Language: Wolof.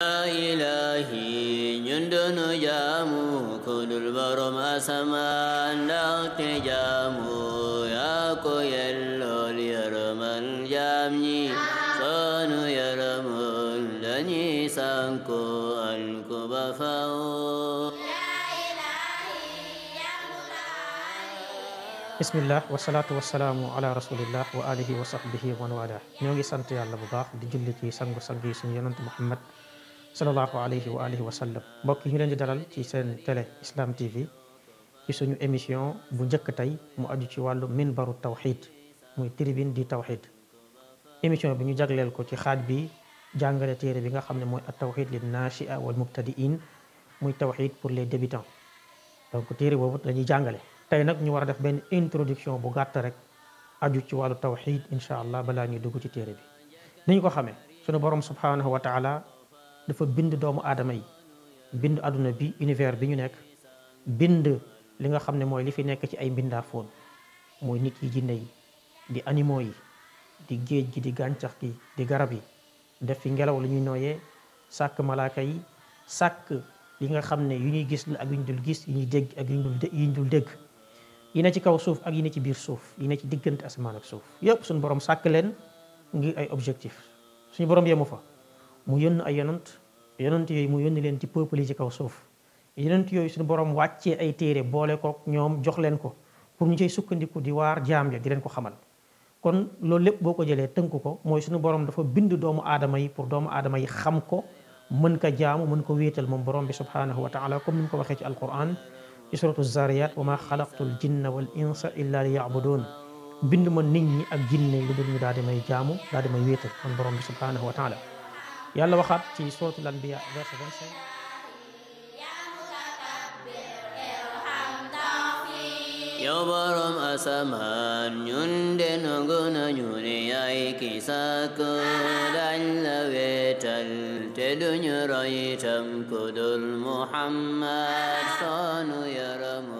ilahi nyundunu jamu kudul barom asama ndakte jamu yako yello jamni sonu yaramul dani sanko al-kubafau bismillah wasalaatu wasalaamu ala rasulillah wa alihi wa sahbihi wa wala ngi sant bu baax di julli ci sangu sangu muhammad sallallahu alayhi wa alihi wa sallam mbokk ñu leen di dalal ci seen télé Islam TV ci suñu émission bu njëkk tey mu aju ci wàllu minbaru tawxid muy tribune di tawxid émission bi ñu jagleel ko ci xaaj bi jàngale téere bi nga xam ne mooy at tawxid lil nachia wal mubtadiin muy tawxid pour les débutants donc téere boobu dañuy jàngale tey nag ñu war a def benn introduction bu gàtt rek aju ci wàllu tawxid incha allah balaa ñuy dugg ci téere bi ni ko xamee sunu borom subhanahu wa taala dafa bind doomu aadama yi bind aduna bi univers bi ñu nekk bind li nga xam ne mooy li fi nekk ci ay mbindaafoon mooy nit yi jinne yi di animaux yi di géej gi di gàncax gi di garab yi def fi ngelaw la ñuy nooyee sàkk malaaka yi sàkk li nga xam ne yu ñuy gis la ak yu ñu dul gis yu ñuy dégg ak yu ñu dul dégg yi ne ci kaw suuf ak yi ne ci biir suuf yi ne ci diggante ak suuf yëpp suñu borom sàkk leen ngir ay objectif suñu borom yemu fa mu yónn ay yonant yonant yooyu mu yónni leen ci peuple yi ci kaw suuf yonant yooyu suñu borom wàccee ay téere boole ko ñoom jox leen ko pour ñu cay sukkandiku di waar jaam ya di leen ko xamal kon loolu lépp boo ko jëlee tënk ko mooy suñu borom dafa bind doomu aadama yi pour doomu aadama yi xam ko mën ko jaamu mën ko wéetal moom borom bi subhanahu wa taala comme ni mu ko waxee ci alquran ci suratu zariyat wa ma xalaqtul jinna wal insa illa li yabudun bind ma yàlla waxaat ci suratul anbiya verset 25 yow borom asamaan ñun de nangu nañu ne yaay ki sàkk dañ la weetal te duñu roy itam ku dul Muhammad soonu yaramu